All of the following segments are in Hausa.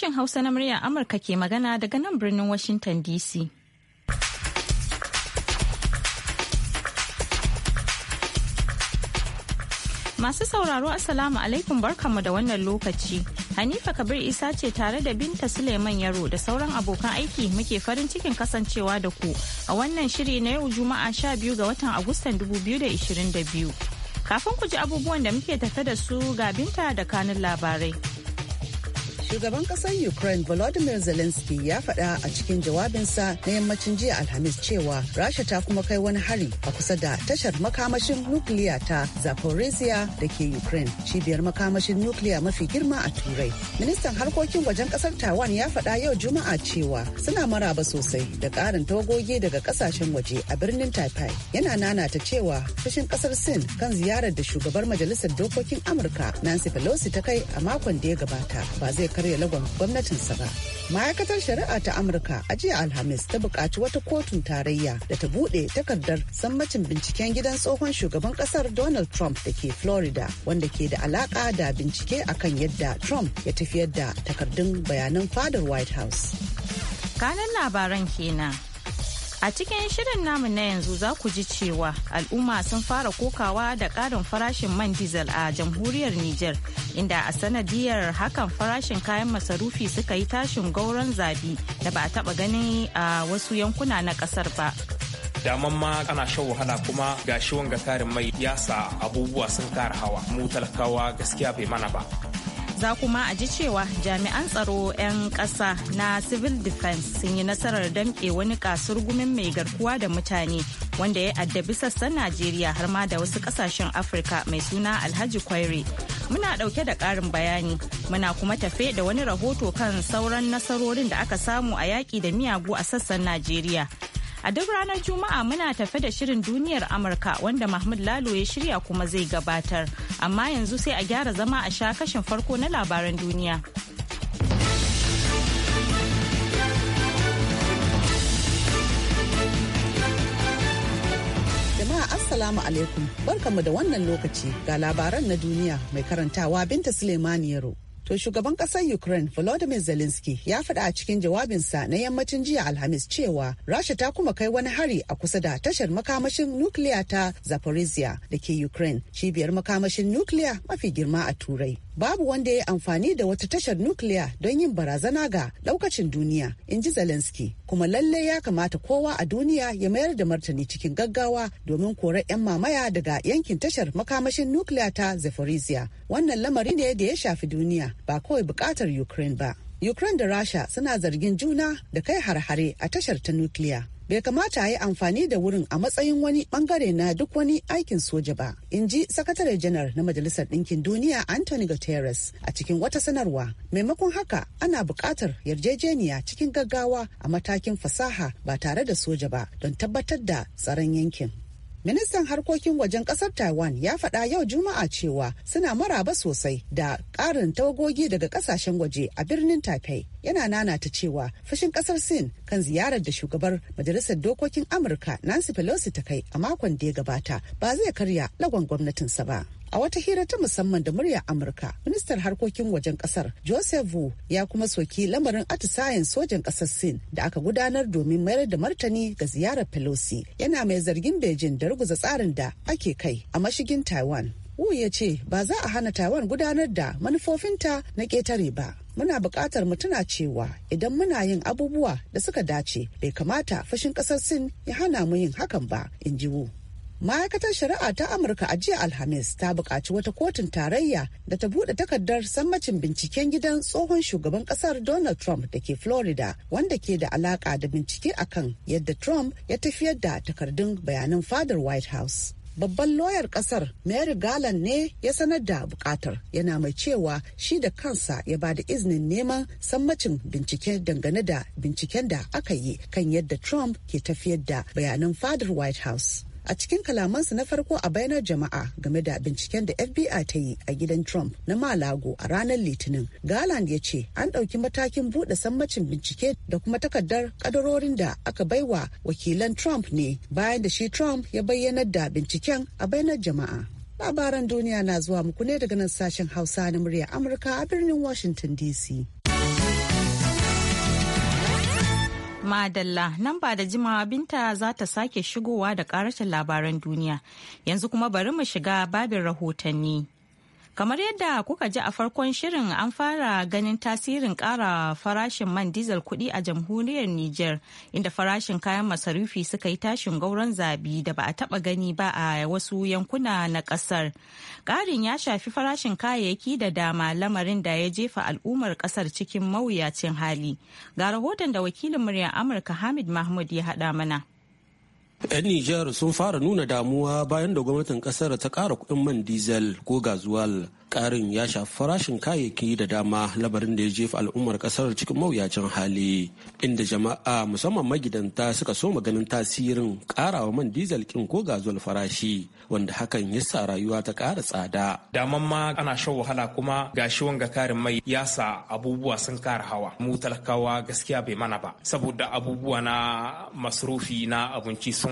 Sashen Hausa na muryar Amurka ke magana daga nan birnin Washington DC. Masu sauraro Assalamu alaikum barkanmu da wannan lokaci. Hanifa Kabir Isa ce tare da Binta Suleiman Yaro da sauran abokan aiki muke farin cikin kasancewa da ku a wannan shiri na yau Juma'a biyu ga watan Agustan biyu Kafin ku ji abubuwan da muke tafe da su ga Binta da kanun labarai. Shugaban kasar Ukraine Volodymyr Zelensky ya faɗa a cikin jawabinsa na yammacin jiya Alhamis cewa Rasha ta kuma kai wani hari a kusa da tashar makamashin nukiliya ta Zaporizhia da ke Ukraine, cibiyar makamashin nukiliya mafi girma a Turai. Ministan harkokin wajen kasar Taiwan ya faɗa yau Juma'a cewa suna maraba sosai da ƙarin tawagogi daga ƙasashen waje a birnin Taipei. Yana nanata cewa fushin kasar Sin kan ziyarar da shugabar Majalisar Dokokin Amurka Nancy Pelosi ta kai a makon da ya gabata ba zai karya lagon gwamnatinsa ba. ma'aikatar shari'a ta amurka a jiya alhamis ta buƙaci wata kotun tarayya da ta buɗe takardar sammacin binciken gidan tsohon shugaban ƙasar donald trump da ke florida wanda ke da alaƙa da bincike akan yadda trump ya tafiyar da takardun bayanan fadar white house kanan labaran kenan A cikin shirin namu na yanzu za ku ji cewa al'umma sun fara kokawa da ƙarin farashin man diesel a jamhuriyar Nijar, inda a sanadiyar hakan farashin kayan masarufi suka yi tashin gauron zabi da ba a taɓa ganin a wasu yankuna na ƙasar ba. daman ma ana shan wahala kuma ga shi wanga tarin mai yasa abubuwa sun kara hawa mu talakawa gaskiya bai mana ba za kuma a ji cewa jami'an tsaro 'yan ƙasa na civil defense sun yi nasarar damƙe wani kasurgumin mai garkuwa da mutane wanda ya addabi sassan najeriya har ma da wasu ƙasashen afirka mai suna alhaji kwairi muna ɗauke da ƙarin bayani muna kuma tafe da wani rahoto kan sauran nasarorin da aka samu a yaƙi da miyagu a sassan najeriya A duk ranar Juma'a muna tafe da shirin duniyar Amurka wanda Mahmud Lalo ya shirya kuma zai gabatar. Amma yanzu sai a gyara zama a sha kashin farko na labaran duniya. Jama'a Assalamu alaikum barkamu da wannan lokaci ga labaran na duniya mai karantawa Binta Suleimani Yaro. To shugaban kasar Ukraine Volodymyr Zelensky ya faɗa a cikin jawabinsa na yammacin jiya Alhamis cewa Rasha ta kuma kai wani hari a kusa da tashar makamashin nukiliya ta Zaporizhia da ke Ukraine, cibiyar makamashin nukiliya mafi girma a Turai. babu wanda ya yi amfani da wata tashar nukiliya don yin barazana ga daukacin duniya in ji zelensky kuma lalle ya kamata kowa a duniya ya mayar da martani cikin gaggawa domin korar 'yan mamaya daga yankin tashar makamashin nukiliya ta zaporizhia wannan lamari ne da ya shafi duniya ba kawai bukatar ukraine ba Ukraine da Rasha suna zargin juna da kai har-hare a tashar ta nukiliya. Bai kamata a yi amfani da wurin a matsayin wani bangare na duk wani aikin soja ba, in ji Sakatare Janar na Majalisar Ɗinkin Duniya Anthony Guterres a cikin wata sanarwa. Maimakon haka ana bukatar yarjejeniya cikin gaggawa a matakin fasaha ba tare da soja ba don tabbatar da tsaron yankin. Ministan harkokin wajen kasar Taiwan ya faɗa yau Juma'a cewa suna maraba sosai da ƙarin tawagogi daga kasashen waje a birnin Taipei. Yana nanata cewa fushin kasar Sin kan ziyarar da shugabar Majalisar Dokokin Amurka Nancy Pelosi ta kai a makon da ya gabata ba zai karya lagon gwamnatinsa ba. A wata hira ta musamman da muryar Amurka, ministan harkokin wajen kasar Joseph Wu ya kuma soki lamarin atisayen sojan kasar Sin da aka gudanar domin mayar da martani ga ziyarar Pelosi. Yana mai zargin Beijing da ruguza tsarin da ake kai a mashigin Taiwan. Wu ya ce ba za a hana Taiwan gudanar da manufofinta na ƙetare ba. Muna buƙatar mu tuna cewa idan muna yin abubuwa da suka dace bai kamata fashin ƙasar Sin ya hana mu yin hakan ba, in ji Wu. ma'aikatar shari'a ta amurka a jiya alhamis ta buƙaci wata kotun tarayya da ta buɗe takardar sammacin binciken gidan tsohon shugaban ƙasar donald trump da ke florida wanda ke da alaƙa da bincike akan yadda trump ya tafiyar da takardun bayanan fadar white house babban loyar ƙasar mary galan ne ya sanar da bukatar yana mai cewa shi da kansa ya ba da iznin neman sammacin bincike dangane da binciken da aka yi kan yadda trump ke tafiyar da bayanan fadar white house a cikin kalamansu na farko a bayanar jama'a game da binciken da FBI ta yi a gidan Trump na Malago a ranar Litinin. Garland ya ce an ɗauki matakin buɗe sammacin bincike da kuma takardar kadarorin da aka baiwa wakilan Trump ne bayan da shi Trump ya bayyanar da binciken a bayanar jama'a. Labaran duniya na zuwa muku ne daga nan sashen Hausa na murya Amurka a birnin Washington DC. Madalla nan ba da jimawa binta za ta sake shigowa da karashin labaran duniya. Yanzu kuma bari mu shiga babin rahotanni. Kamar yadda kuka ji a farkon shirin an fara ganin tasirin ƙara farashin man dizal kuɗi a jamhuriyar Nijar inda farashin kayan masarufi suka yi tashin gauron zabi da ba a taɓa gani ba a wasu yankuna na ƙasar. Ƙarin ya shafi farashin kayayyaki da dama lamarin da ya jefa al'ummar ƙasar cikin mawuyacin hali. Ga rahoton da wakilin muryar Amurka Hamid Mahmud ya haɗa mana. 'Yan Nijar sun fara nuna damuwa bayan da gwamnatin kasar ta ƙara kuɗin man diesel ko gazuwal. Ƙarin ya shafi farashin kayayyaki da dama labarin da ya jefa al'ummar kasar cikin mawuyacin hali. Inda jama'a musamman magidanta suka so maganin tasirin ƙarawa man diesel kin ko gazuwal farashi wanda hakan ya sa rayuwa ta ƙara tsada. Daman ma ana shan wahala kuma gashi wanga karin mai ya sa abubuwa sun ƙara hawa. Mu talakawa gaskiya bai mana ba saboda abubuwa na masrufi na abinci sun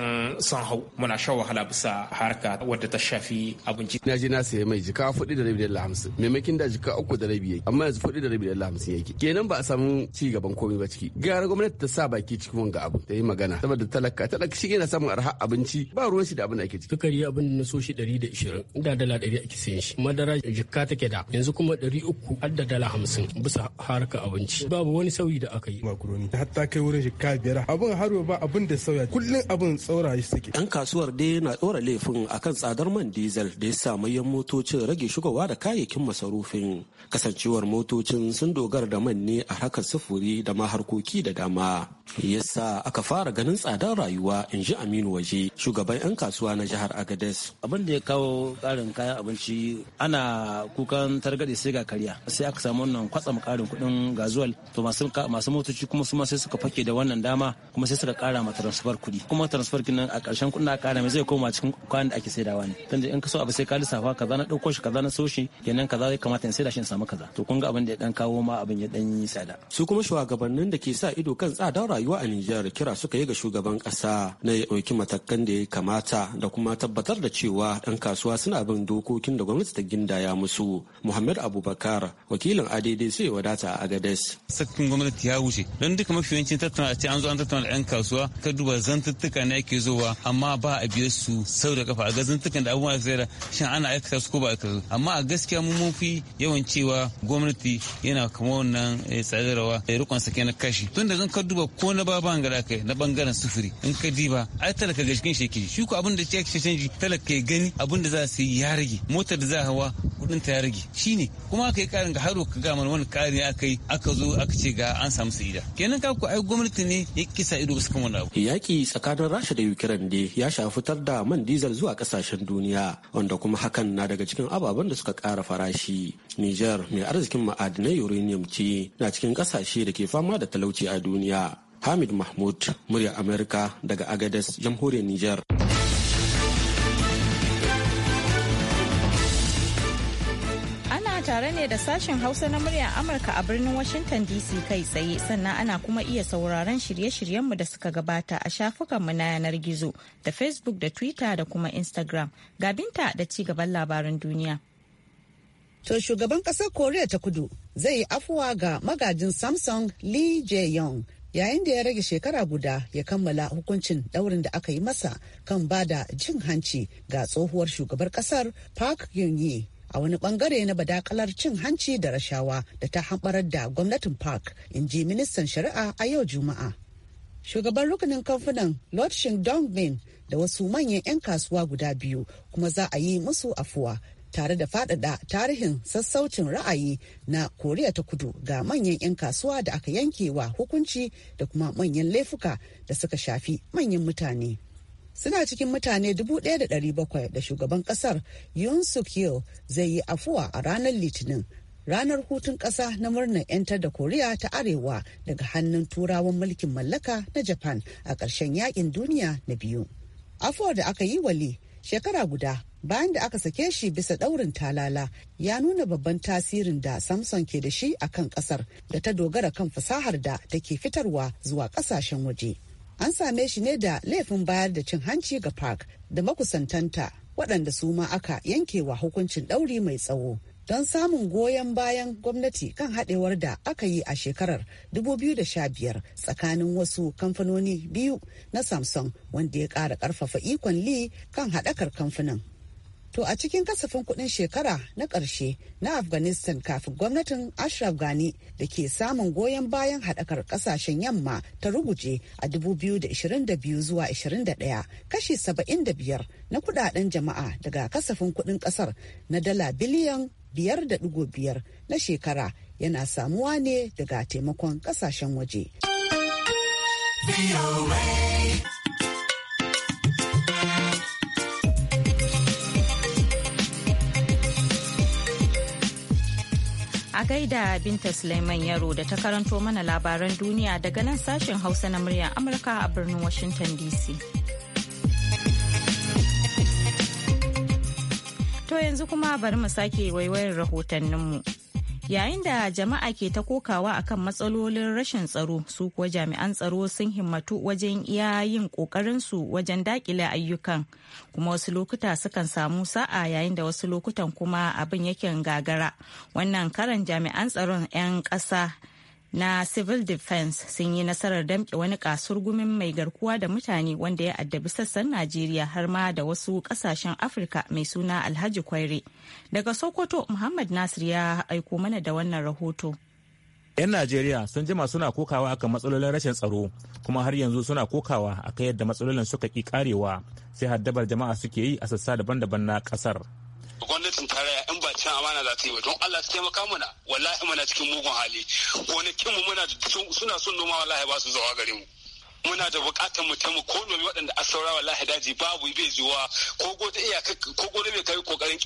sun hau muna shan wahala bisa harka wadda ta shafi abinci. Na je na sayi mai jika fudi da rabi da hamsin maimakin da jika uku da rabi yake amma yanzu fudi da rabi da hamsin yake kenan ba a samu ci gaban komai ba ciki. Gara gwamnati ta sa baki cikin wanga abu ta yi magana saboda talaka talaka shi yana samun arha abinci ba ruwan shi da abin da ake ciki. Kakari abin da na so shi ɗari da ishirin da dala ɗari ake sayan shi madara jika take da yanzu kuma ɗari uku har da dala hamsin bisa harka abinci babu wani sauyi da aka yi. Makaroni hatta kai wurin jika biyar abin har ba abin da sauya kullum abin tsauraye suke. Yan kasuwar dai na ɗora laifin akan tsadar man diesel da ya sa mayan motocin rage shugawa da kayayyakin masarufin. Kasancewar motocin sun dogara da man ne a harkar sufuri da ma harkoki da dama. yasa aka fara ganin tsadar rayuwa in ji aminu waje shugaban 'yan kasuwa na jihar agades abin da ya kawo karin kayan abinci ana kukan targaɗe sai ga karya sai aka samu wannan kwatsam karin kuɗin gazuwal to masu motoci kuma su ma sai suka fake da wannan dama kuma sai suka kara ma transfer kuɗi kuma transfer kinan a ƙarshen kuɗin aka kara mai zai koma cikin kwan da ake saidawa ne da in ka so abu sai ka lissafa kaza na ɗauko shi kaza na so shi kenan kaza zai kamata in saida shi in samu kaza to kun ga abin da ya dan kawo ma abin ya dan yi tsada su kuma shugabannin da ke sa ido kan tsadar rayuwa a Nijar kira suka yi ga shugaban ƙasa na ya ɗauki matakan da ya kamata da kuma tabbatar da cewa 'yan kasuwa suna bin dokokin da gwamnati ta gindaya musu. Muhammad Abubakar wakilin ADD sai wadata a Agades. Sakin gwamnati ya wuce don duka mafi yawancin tattauna ce an zo an tattauna 'yan kasuwa ka duba zantuttuka ne ake zowa amma ba a biye su sau da kafa a ga zantukan da abubuwa da shin ana aikata su ko ba aikata amma a gaskiya mu mun fi yawan cewa gwamnati yana kama wannan eh, tsadarawa da eh, rikon sake na kashi tun da zan ka duba ko ko na baban gada kai na bangaren sufuri in ka diba ai talaka ga cikin sheki shi ko abin da ya ke canji talaka ya gani abin da za su yi ya rage motar da za hawa kudin ta ya rage shine kuma aka yi karin ga haro ka gama wani karin aka yi aka zo aka ce ga an samu sa'ida kenan ka ku ai gwamnati ne ya kisa ido su kama abu yaƙi tsakanin rasha da ukraine de ya shafi fitar da man diesel zuwa kasashen duniya wanda kuma hakan na daga cikin ababen da suka kara farashi niger mai arzikin ma'adinai uranium ce na cikin kasashe da ke fama da talauci a duniya Hamid Mahmud, murya Amerika daga Agadez, jamhuriyar Nijar. Ana tare ne da sashen Hausa na muryar Amurka a birnin Washington DC kai tsaye sannan ana kuma iya sauraron shirye-shiryenmu da suka gabata a shafukanmu na yanar gizo da Facebook da Twitter da kuma Instagram. Gabinta da ci gaban labaran duniya. To shugaban ƙasar koreya ta kudu zai yi afuwa ga magajin Samsung Lee Jae-yong yayin da ya rage shekara guda ya kammala hukuncin daurin da aka yi masa kan bada jin hanci ga tsohuwar shugabar kasar park geun a wani bangare na badakalar cin hanci da rashawa da ta hamɓarar da gwamnatin park in ji ministan shari'a a yau juma'a shugaban rukunin kamfanin lord shing dong min da wasu manyan 'yan kasuwa guda biyu kuma za a yi musu afuwa tare da faɗaɗa tarihin sassaucin ra'ayi na koriya ta kudu ga manyan 'yan kasuwa da aka yanke wa hukunci da kuma manyan laifuka da suka shafi manyan mutane suna cikin mutane 1,700 da shugaban kasar yun suk zai yi afuwa a ranar litinin ranar hutun ƙasa na murnar 'yantar da koriya ta arewa daga hannun turawan mulkin mallaka na japan a ƙarshen yakin duniya na biyu afuwar da aka yi wali shekara guda bayan da aka sake shi bisa daurin talala ya nuna babban tasirin da samson ke da shi a kan kasar da ta dogara kan fasahar da take fitarwa zuwa kasashen waje an same shi ne da laifin bayar da cin hanci ga park da makusantanta waɗanda su ma aka yankewa hukuncin ɗauri mai tsawo don samun goyon bayan gwamnati kan haɗewar da aka yi a shekarar 2015 tsakanin wasu kamfanoni biyu na samson wanda ya ƙara ƙarfafa ikon li kan haɗakar kamfanin To a cikin kasafin kuɗin shekara na ƙarshe na Afghanistan kafin gwamnatin Ashraf Ghani da ke samun goyon bayan haɗakar ƙasashen yamma ta ruguje a 2022 zuwa 21 kashi 75 na kuɗaɗen jama'a daga kasafin kuɗin ƙasar na dala biliyan 5.5 na shekara yana samuwa ne daga taimakon ƙasashen waje. a gaida Binta Suleiman Yaro da ta karanto mana labaran duniya daga nan sashen Hausa na muryar Amurka a birnin Washington DC. To yanzu kuma bari mu sake waiwayar rahotanninmu. Yayin da jama'a ke ta kokawa akan matsalolin rashin tsaro su kuwa jami'an tsaro sun himmatu wajen iya yin kokarinsu wajen dakile ayyukan kuma wasu lokuta sukan samu sa'a yayin da wasu lokutan kuma abin yake gagara. Wannan karan jami'an tsaron 'yan ƙasa na civil defense sun yi nasarar damƙe wani kasurgumin mai garkuwa da mutane wanda ya addabi sassan najeriya har ma da wasu ƙasashen afirka mai suna alhaji kwaire daga sokoto muhammad nasir ya aiko mana da wannan rahoto 'yan najeriya sun jima suna kokawa akan matsalolin rashin tsaro kuma har yanzu suna kokawa akan yadda matsalolin suka ki karewa sai haddabar jama'a suke yi a sassa daban-daban na kasar cikin amana za ta yi don Allah su taimaka mana wallahi muna cikin mugun hali gonakin mu muna suna son noma wallahi ba su zawa gare mu muna da bukatar mu ta mu ko nomi waɗanda a saura wallahi daji babu bai zuwa ko gobe iyaka ko gobe bai kai kokarin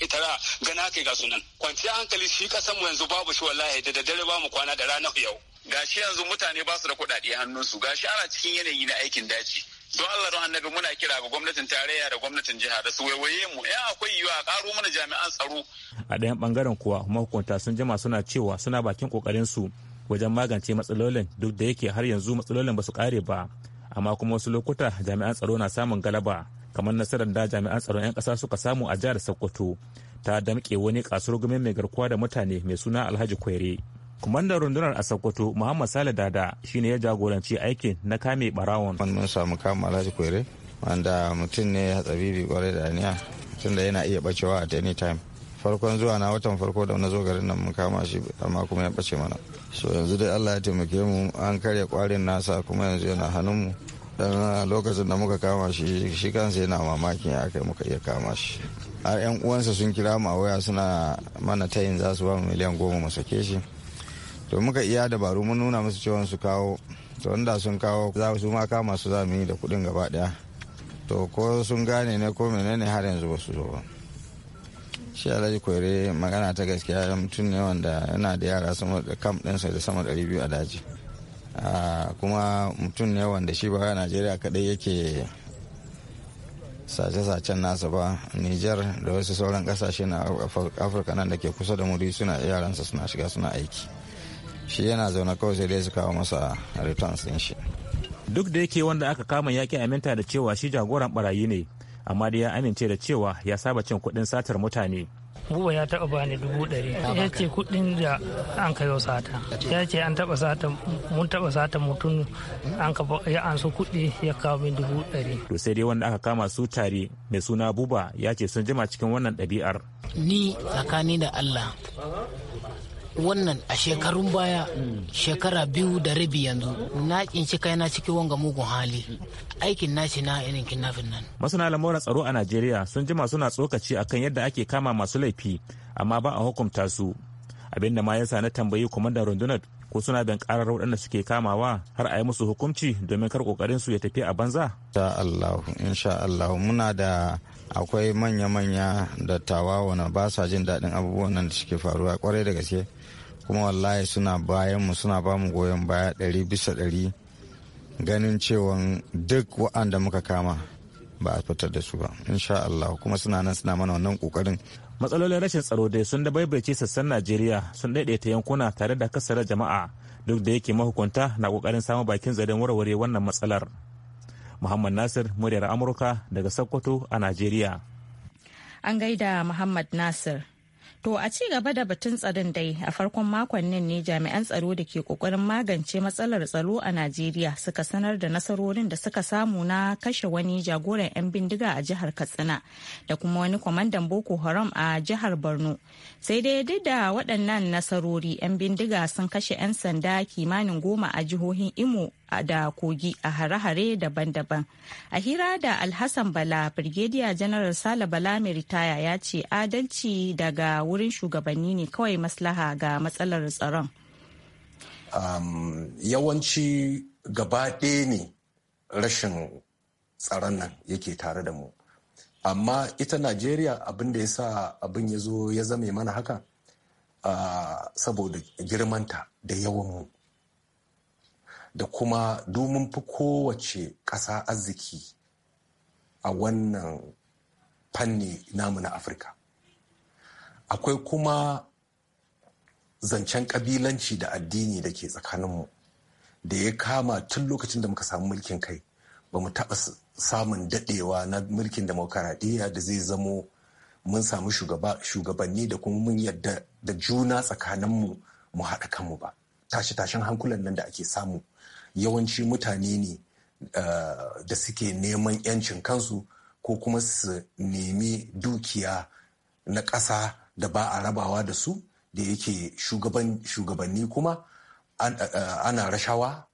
ga na kai ga sunan kwanciya hankali shi kasan mu yanzu babu shi wallahi da daddare ba mu kwana da rana yau gashi yanzu mutane ba su da kuɗaɗe hannunsu gashi ana cikin yanayi na aikin daji don Allah don annabi muna kira ga gwamnatin tarayya da gwamnatin jiha da su waiwaye mu ya eh, akwai yiwa karo mana jami'an tsaro a ɗayan bangaren kuwa mahukunta sun jima suna cewa suna bakin kokarin su wajen magance matsalolin duk da yake har yanzu matsalolin ba su kare ba amma kuma wasu lokuta jami'an tsaro na samun galaba kamar nasarar da jami'an tsaron 'yan ƙasa suka samu a jihar sokoto ta damƙe wani kasurgumin mai garkuwa da mutane mai suna alhaji kwere Kwamandan rundunar a Sokoto Muhammad Sale Dada shine ya jagoranci aikin na kame barawon. Mun samu kama Alhaji Kwere wanda mutum ne ya tsabibi kwarai da aniya tun da yana iya bacewa at any time. Farkon zuwa na watan farko da na zo garin nan mun kama shi amma kuma ya bace mana. So yanzu dai Allah ya taimake mu an karya kwarin nasa kuma yanzu yana hannunmu. Dan lokacin da muka kama shi shi kansa yana mamaki ya kai muka iya kama shi. har 'yan uwansa sun kira mu a waya suna mana tayin za su ba mu miliyan goma mu sake shi to muka iya dabaru mun nuna musu cewa su kawo to wanda sun kawo za su ma kama su za yi da kuɗin gaba ɗaya to ko sun gane ne ko menene har yanzu ba su zo ba shi alhaji kwere magana ta gaskiya mutum ne wanda yana da yara sama da kam ɗinsa da sama ɗari biyu a daji ah, kuma mutum ne wanda shi ba najeriya kaɗai yake sace-sacen nasa ba niger da wasu sauran kasashe na afirka nan da ke kusa da muri suna yaransa suna shiga suna aiki shi yana zaune kawai sai dai su kawo masa returns din shi duk da yake wanda aka kama ya ke aminta da cewa shi jagoran barayi ne amma dai ya amince da cewa ya saba cin kuɗin satar mutane buba ya taɓa bani dubu ɗari ya ce kuɗin da an kayo sata ya ce an taɓa sata mun taɓa sata mutum an ka ya ansu kuɗi ya kawo min dubu ɗari to sai dai wanda aka kama su tare mai suna buba ya ce sun jima cikin wannan dabi'ar. ni tsakani da allah wannan a shekarun baya shekara biyu da rabi yanzu na kinci na cikin wanga mugun hali aikin nashi na irin kinnafin nan masana lamuran tsaro a najeriya sun jima suna tsokaci akan yadda ake kama masu laifi amma ba a hukunta su abin da ma yasa na tambayi kwamandan rundunar ko suna bin karar waɗanda suke kamawa har a yi musu hukunci domin kar kokarin su ya tafi a banza insha Allah insha Allah muna da akwai manya-manya da tawawa na ba sa jin daɗin abubuwan nan da suke faruwa kwarai da gaske kuma wallahi suna bayan mu suna ba mu goyon baya ɗari bisa ɗari ganin cewa duk wa'anda muka kama ba a fitar da su ba insha Allah kuma suna nan suna mana wannan kokarin matsalolin rashin tsaro dai sun da baibaice sassan Najeriya sun daidaita yankuna tare da kasarar jama'a duk da yake mahukunta na kokarin samun bakin zaren warware wannan matsalar Muhammad Nasir muryar Amurka daga Sokoto a Najeriya an gaida Muhammad Nasir To a ci gaba da batun tsarin dai a farkon makon nan ne jami'an tsaro da ke kokarin magance matsalar tsaro a Najeriya suka sanar da nasarorin da suka samu na kashe wani jagoran 'yan bindiga a jihar Katsina da kuma wani kwamandan Boko Haram a jihar Borno. Sai dai duk da waɗannan nasarori 'yan bindiga sun kashe 'yan sanda kimanin goma a jihohin Imo, da kogi a hare-hare daban-daban a hira da alhassan bala brigadier general sale bala mai ritaya ya ce adalci daga wurin shugabanni ne kawai maslaha ga matsalar tsaron um, yawanci gaba ɗaya ne rashin tsaron nan yake tare da mu amma ita najeriya abin da ya sa abin ya zo ya zame mana haka uh, saboda girmanta da yawan mu da kuma domin fi kowace ƙasa arziki a wannan fanni namu na afirka akwai kuma zancen ƙabilanci da addini da ke tsakaninmu da ya kama tun lokacin da muka samu mulkin kai ba mu taɓa samun daɗewa na mulkin demokaradiyya da zai zamo mun samu shugabanni da kuma mun yadda da juna tsakaninmu mu haɗa kanmu ba tashi tashin hankulan nan da ake samu yawanci mutane ne eh, da suke neman 'yancin kansu ko kuma su nemi dukiya na ƙasa da ba a rabawa da su da yake shugabanni kuma eh, eh, ana rashawa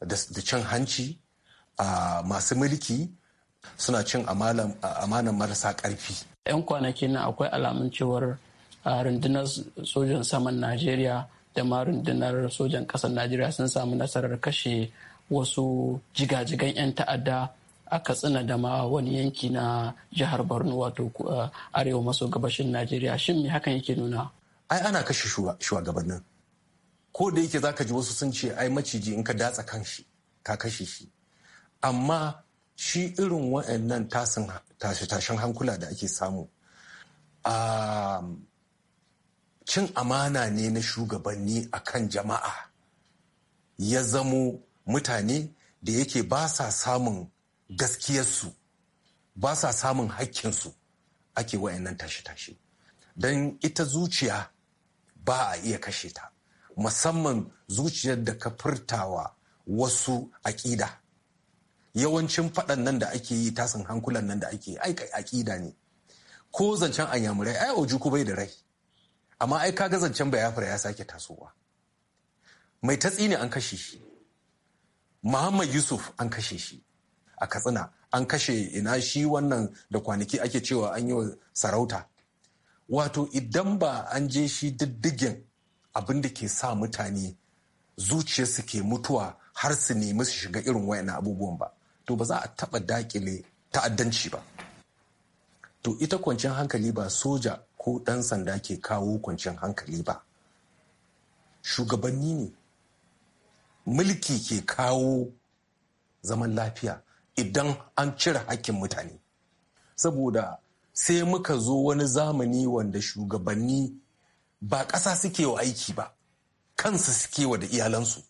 da cin hanci a masu mulki suna cin amanan marasa ƙarfi. 'yan kwanaki na akwai alamun cewar rundunar sojan saman najeriya da ma rundunar sojan ƙasar najeriya sun samu nasarar kashe wasu jigajigan 'yan ta'adda a katsina da ma wani yanki na jihar borno wato uh, arewa maso gabashin najeriya shin me hakan yake nuna ai ana kashe shugabannin ko da yake zaka ji wasu sun ce ai maciji in ka datsa kan shi ka kashe shi amma shi irin wa'annan tashin hankula da ake samu um, cin amana ne na shugabanni a kan jama'a ya zamo mutane da yake ba sa samun gaskiyarsu ba sa samun hakkinsu ake wayannan tashe-tashe don ita zuciya ba a iya kashe ta musamman zuciyar da ka furtawa wasu aƙida yawancin faɗan nan da ake yi tasin hankulan nan da ake yi aika aƙida ne ko zancen anyamurai ai ojuku bai da rai amma ai ka zancen bayafra ya sake tasowa mai tatsi ne an kashe shi muhammad yusuf an kashe shi a katsina an kashe ina shi wannan da kwanaki ake cewa an yi sarauta wato idan ba an je shi diddigin abin da ke sa mutane zuciyarsu ke mutuwa har su nemi su shiga irin wayan abubuwan ba to ba za a taba dakile ta'addanci ba to ita kwanciyar hankali ba soja ko ɗan sanda ke kawo kwanciyar hankali ba shugabanni ne mulki ke kawo zaman lafiya idan an cire hakkin mutane saboda sai muka zo wani zamani wanda shugabanni ba ƙasa suke wa aiki ba kansu suke wa da iyalansu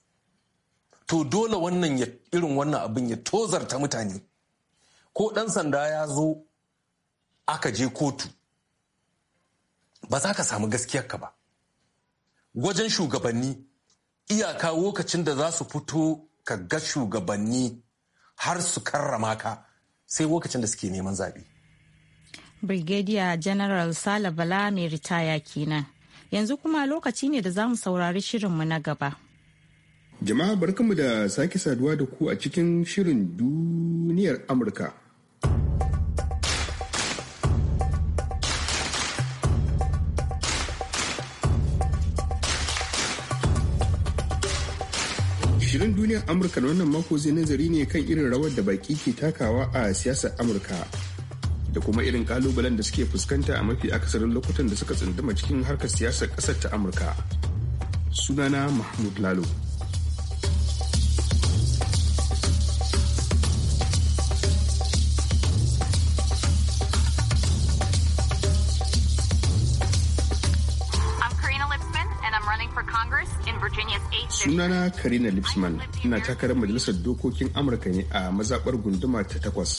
to dole wannan irin wannan abin ya tozarta mutane ko ɗan sanda ya zo aka je kotu ba za ka samu gaskiyarka ba wajen shugabanni iyaka lokacin da za su fito ka ga shugabanni har su karrama ka sai lokacin da suke neman zaɓe. brigadier general sala bala mai ritaya kenan yanzu kuma lokaci ne da za mu saurari shirinmu na gaba jama'a barkanmu da sake saduwa da ku a cikin shirin duniyar amurka Shirin duniyar Amurka na wannan mako zai nazari ne kan irin rawar da baki ke takawa a siyasar Amurka da kuma irin kalubalen da suke fuskanta a mafi akasarin lokutan da suka tsunduma cikin harkar siyasar ƙasar ta Amurka. Sunana Mahmud Lalo. sunana karina lipsman ina takarar majalisar dokokin amurka ne a mazaɓar gunduma ta takwas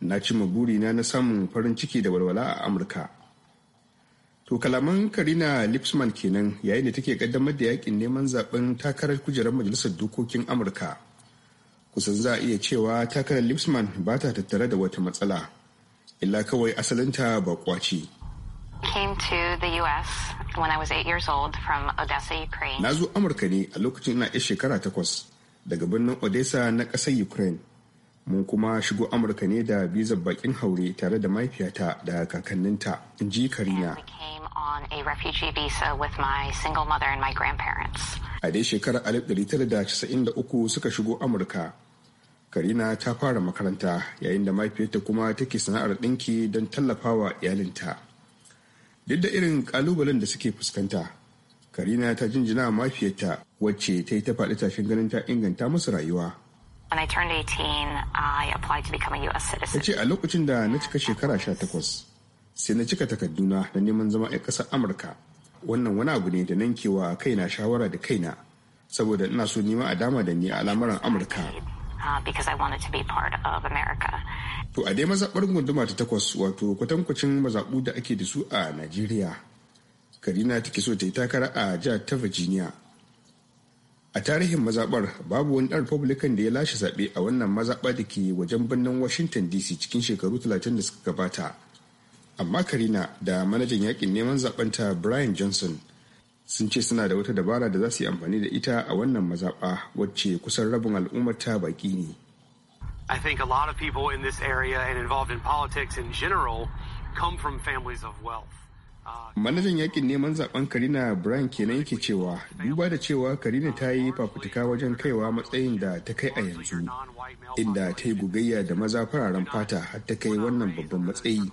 na ci burina na samun farin ciki da walwala a amurka to kalaman karina lipsman kenan yayin da take kaddamar da yakin neman zaben takarar kujerar majalisar dokokin amurka kusan za a iya cewa takarar lipsman ba ta tattare da wata matsala illa kawai asalinta ba kwaci. to the US from Odessa, Ukraine. Na zo Amurka ne a lokacin ina 'yar shekara takwas daga birnin Odessa na ƙasar Ukraine. Mun kuma shigo Amurka ne da bizar bakin haure tare da mahaifiyata da kakanninta, in ji Karina. A dai shekarar 1993 suka shigo Amurka. Karina ta fara makaranta yayin da mahaifiyarta kuma take sana'ar ɗinki don tallafawa iyalinta. duk da irin kalubalen da suke fuskanta karina ta jinjina mafiyarta wacce ta yi ta faɗi tashin ganin ta inganta musu rayuwa ta ce a lokacin da na cika shekara sha takwas sai na cika takarduna na neman zama 'yan ƙasar amurka wannan wani abu ne da nan kewa kaina shawara da kaina saboda ina so nima a dama da ni a al'amuran amurka Uh, to a dai mazaɓar gunduma ta takwas wato kwatankwacin mazaɓu da ake da su a Najeriya. Karina take so ta yi takara a jihar ta Virginia. A tarihin mazaɓar babu wani ɗan Republican da ya lashe zaɓe a wannan mazaɓa da ke wajen birnin Washington DC cikin shekaru talatin da suka gabata. Amma Karina da manajan yakin neman zaɓen ta Brian Johnson sun ce suna da wata dabara da za su yi amfani da ita a wannan mazaɓa wacce kusan rabin al'ummar ta baƙi ne. I think a lot of people in this area and involved in politics in general come from families of wealth. Uh, manajan yakin neman zaben karina brian kenan yake cewa duba da cewa karina ta yi fafutuka wajen kaiwa matsayin da ta kai a yanzu inda ta yi gugayya da maza fararen fata har ta kai wannan babban matsayi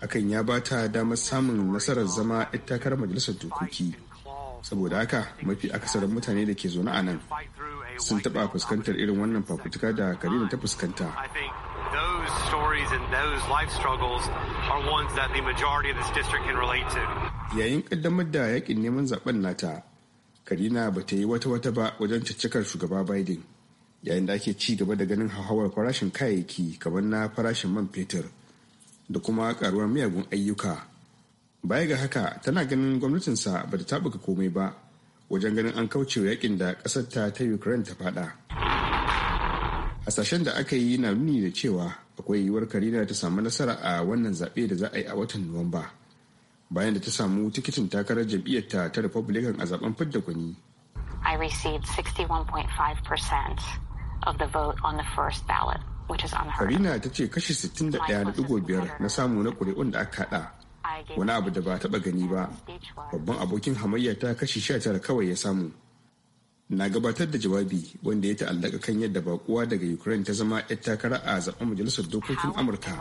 hakan ya ba ta damar samun nasarar zama 'yar takarar majalisar dokoki saboda haka mafi akasarin mutane da ke zaune a nan sun taɓa fuskantar irin wannan fafutuka da kalilin ta fuskanta yayin ƙaddamar da yakin neman zaben nata karina ba ta yi wata-wata ba wajen caccakar shugaba biden yayin da ake ci gaba da ganin hauhawar farashin kayayyaki kamar na farashin man fetur da kuma karuwar miyagun ayyuka baya ga haka tana ganin gwamnatinsa ba ta taɓuka komai ba wajen ganin an kauce yakin da ƙasar ta ta ukraine ta faɗa. hasashen da aka yi na nuni da cewa akwai yiwuwar karina ta samu nasara a wannan zaɓe da za a yi a watan nuwamba bayan da ta samu tikitin takarar jam'iyyarta ta republican a zaben fidda gwani i received 61.5% of the vote Karina ta ce kashi 61.5 na samu na ƙuri'un da aka haɗa wani abu da ba taba gani ba babban abokin hamayya ta kashi sha tara kawai ya samu na gabatar da jawabi wanda ya ta'allaka kan yadda bakuwa daga ukraine ta zama 'yar takara a zaben majalisar dokokin amurka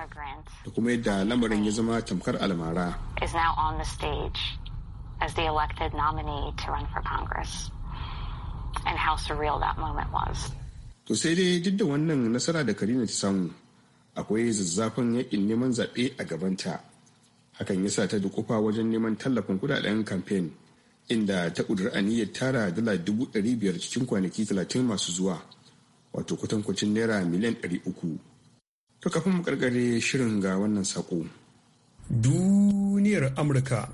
da kuma yadda lamarin ya zama tamkar almara to sai dai duk da wannan nasara da Karina ta samu, akwai zazzafin yakin neman zaɓe a gabanta. hakan ya sa ta dukufa wajen neman tallafin kudaden kamfen inda ta kudura aniyar tara dala dubu ɗari biyar cikin kwanaki talatin masu zuwa wato kwatankwacin naira miliyan ɗari uku to kafin mu karkare shirin ga wannan saƙo. duniyar amurka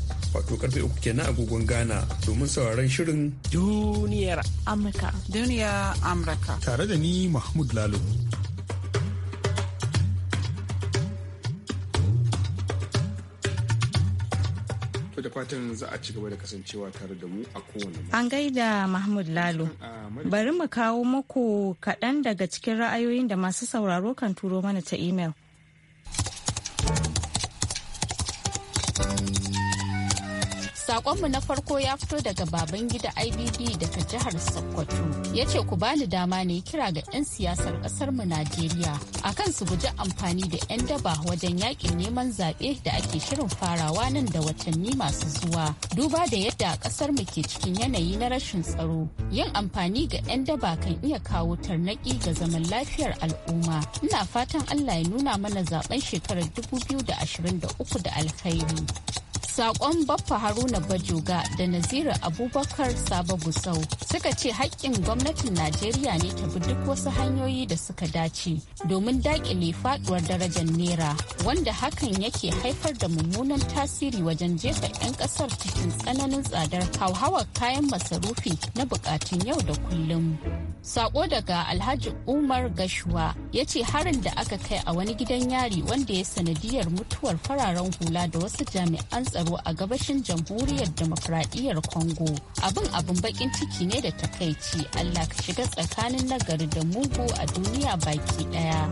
wato karfe uku kenan agogon Ghana domin sauraron shirin duniyar Amurka. Duniyar Amurka. Tare da ni Mahmud Lalo. da fatan za a ci gaba da kasancewa tare da mu a kowane An gaida Mahmud Lalo. Bari mu kawo muku kaɗan daga cikin ra'ayoyin da masu sauraro kan turo mana ta imel. Sakonmu na farko ya fito daga baban gida IBB daga jihar Sokoto. Ya ce ku bani dama ne kira ga 'yan siyasar kasar mu Najeriya akan su guji amfani da 'yan daba wajen yakin neman zaɓe da ake shirin farawa nan da watanni masu zuwa. Duba da yadda kasar mu ke cikin yanayi na rashin tsaro. Yin amfani ga 'yan daba kan iya kawo tarnaki ga zaman lafiyar al'umma. Ina fatan Allah ya nuna mana zaben shekarar 2023 da alkhairi. Sakon Baffa Haruna Bajoga da Naziru Abubakar Sabo Gusau suka ce haƙƙin gwamnatin Najeriya ne ta bi duk wasu hanyoyi da suka dace domin daƙile faɗuwar darajar nera wanda hakan yake haifar da mummunan tasiri wajen jefa 'yan ƙasar cikin tsananin tsadar hauhawar kayan masarufi na buƙatun yau da kullum. Sako daga Alhaji Umar Gashuwa ya ce harin da aka kai a wani gidan yari wanda ya sanadiyar mutuwar fararen hula da wasu jami'an tsaro tsaro a gabashin jamhuriyar demokradiyyar congo abin abin bakin ciki ne da takaici allah ka shiga tsakanin nagari da mugu a duniya baki daya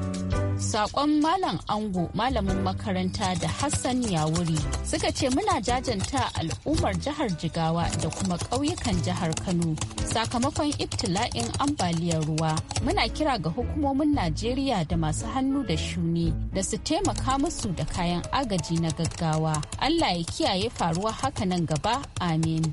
sakon malam ango malamin makaranta da hassan yawuri suka ce muna jajanta al'ummar jihar jigawa da kuma ƙauyukan jihar kano sakamakon ibtila'in ambaliyar ruwa muna kira ga hukumomin najeriya da masu hannu da shuni da su taimaka musu da kayan agaji na gaggawa allah ya kiyaye faruwa haka nan gaba amin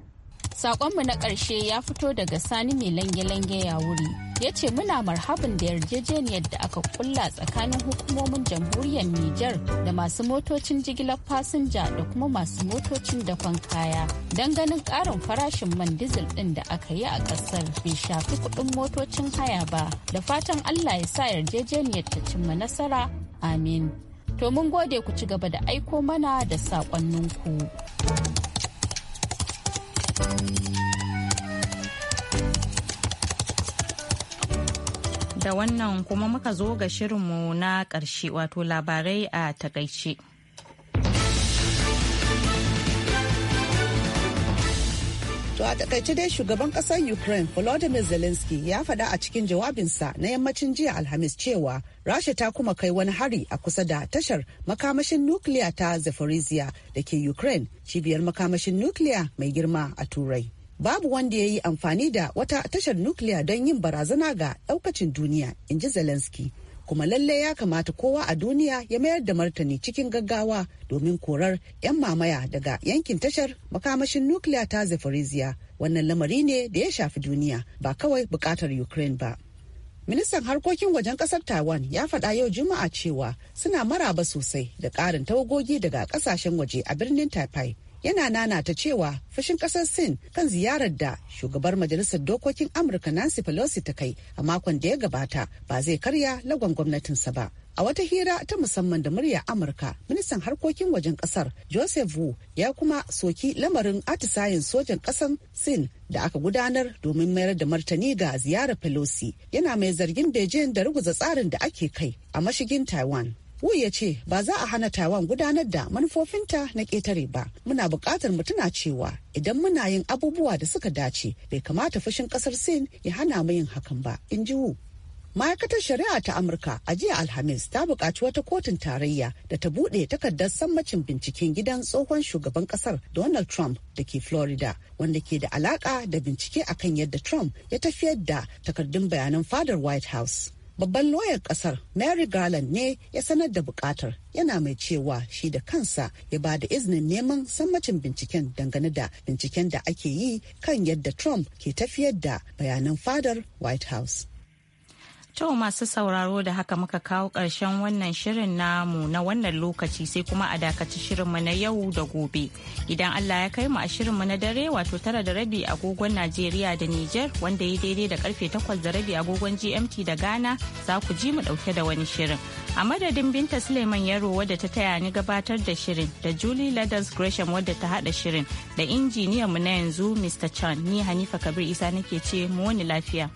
Sakonmu na ƙarshe ya fito daga sani mai lange-lange ya wuri ya ce muna marhabin da yarjejeniyar da aka kulla tsakanin hukumomin jamhuriyar Nijar da masu motocin jigilar fasinja da kuma masu motocin dakon kaya don ganin ƙarin farashin man dizil ɗin da aka yi a ƙasar bai shafi kuɗin motocin haya ba da fatan Allah ya sa yarjejeniyar ta cimma nasara amin. To mun gode ku ci gaba da aiko mana da saƙonninku. Da wannan kuma muka zo ga shirinmu na ƙarshe wato labarai a takaice. To a takaice dai shugaban kasar Ukraine Volodymyr Zelensky ya faɗa a cikin jawabinsa na yammacin jiya Alhamis cewa Rasha ta kuma kai wani hari a kusa da tashar makamashin nukiliya ta Zaporizhia da ke Ukraine cibiyar makamashin nukiliya mai girma a Turai. Babu wanda ya yi amfani da wata tashar nukiliya don yin barazana ga ɗaukacin duniya, in ji Zelensky. kuma lalle ya kamata kowa a duniya ya mayar da martani cikin gaggawa domin korar 'yan mamaya daga yankin tashar makamashin nukiliya ta zafarizia wannan lamari ne da ya shafi duniya ba kawai bukatar ukraine ba ministan harkokin wajen kasar taiwan ya faɗa yau juma'a cewa suna maraba sosai da ƙarin tawagogi daga ƙasashen waje a birnin taipei yana nanata cewa fashin kasar sin kan ziyarar da shugabar majalisar dokokin amurka nancy pelosi ta kai a makon da ya gabata ba zai karya lagon gwamnatinsa ba a wata hira ta musamman da murya amurka ministan harkokin wajen kasar joseph wu ya kuma soki lamarin atisayen sojan kasan sin da aka gudanar domin mayar da martani ga ziyarar pelosi yana mai zargin beijing da ruguza tsarin da ake kai a mashigin taiwan Wu ya ce ba za a hana Taiwan gudanar da manufofinta na ƙetare ba. Muna buƙatar mu tuna cewa idan muna yin abubuwa da suka dace bai kamata fushin ƙasar Sin ya hana mu yin hakan ba, in ji Wu. ma'aikatar shari'a ta amurka a jiya alhamis ta buƙaci wata kotun tarayya da ta buɗe takardar sammacin binciken gidan tsohon shugaban ƙasar donald trump da ke florida wanda ke da alaƙa da bincike akan yadda trump ya tafiyar da takardun bayanan fadar white house babban loyan kasar mary garland ne ya sanar da bukatar yana mai cewa shi da kansa ya ba da izinin neman sammacin binciken dangane da binciken da ake yi kan yadda trump ke tafiyar da bayanan fadar white house To masu sauraro da haka muka kawo ƙarshen wannan shirin namu na wannan lokaci sai kuma a dakaci shirinmu na yau da gobe. Idan Allah ya kai mu a shirinmu na dare wato tara da rabi agogon Najeriya da Nijar wanda ya daidai da karfe takwas da rabi agogon GMT da Ghana za ku ji mu ɗauke da wani shirin. A madadin Binta Suleiman Yaro wadda ta taya ni gabatar da shirin da Julie Ladders Gresham wadda ta haɗa shirin da mu na yanzu Mr. Chan ni Hanifa Kabir Isa nake ce mu wani lafiya.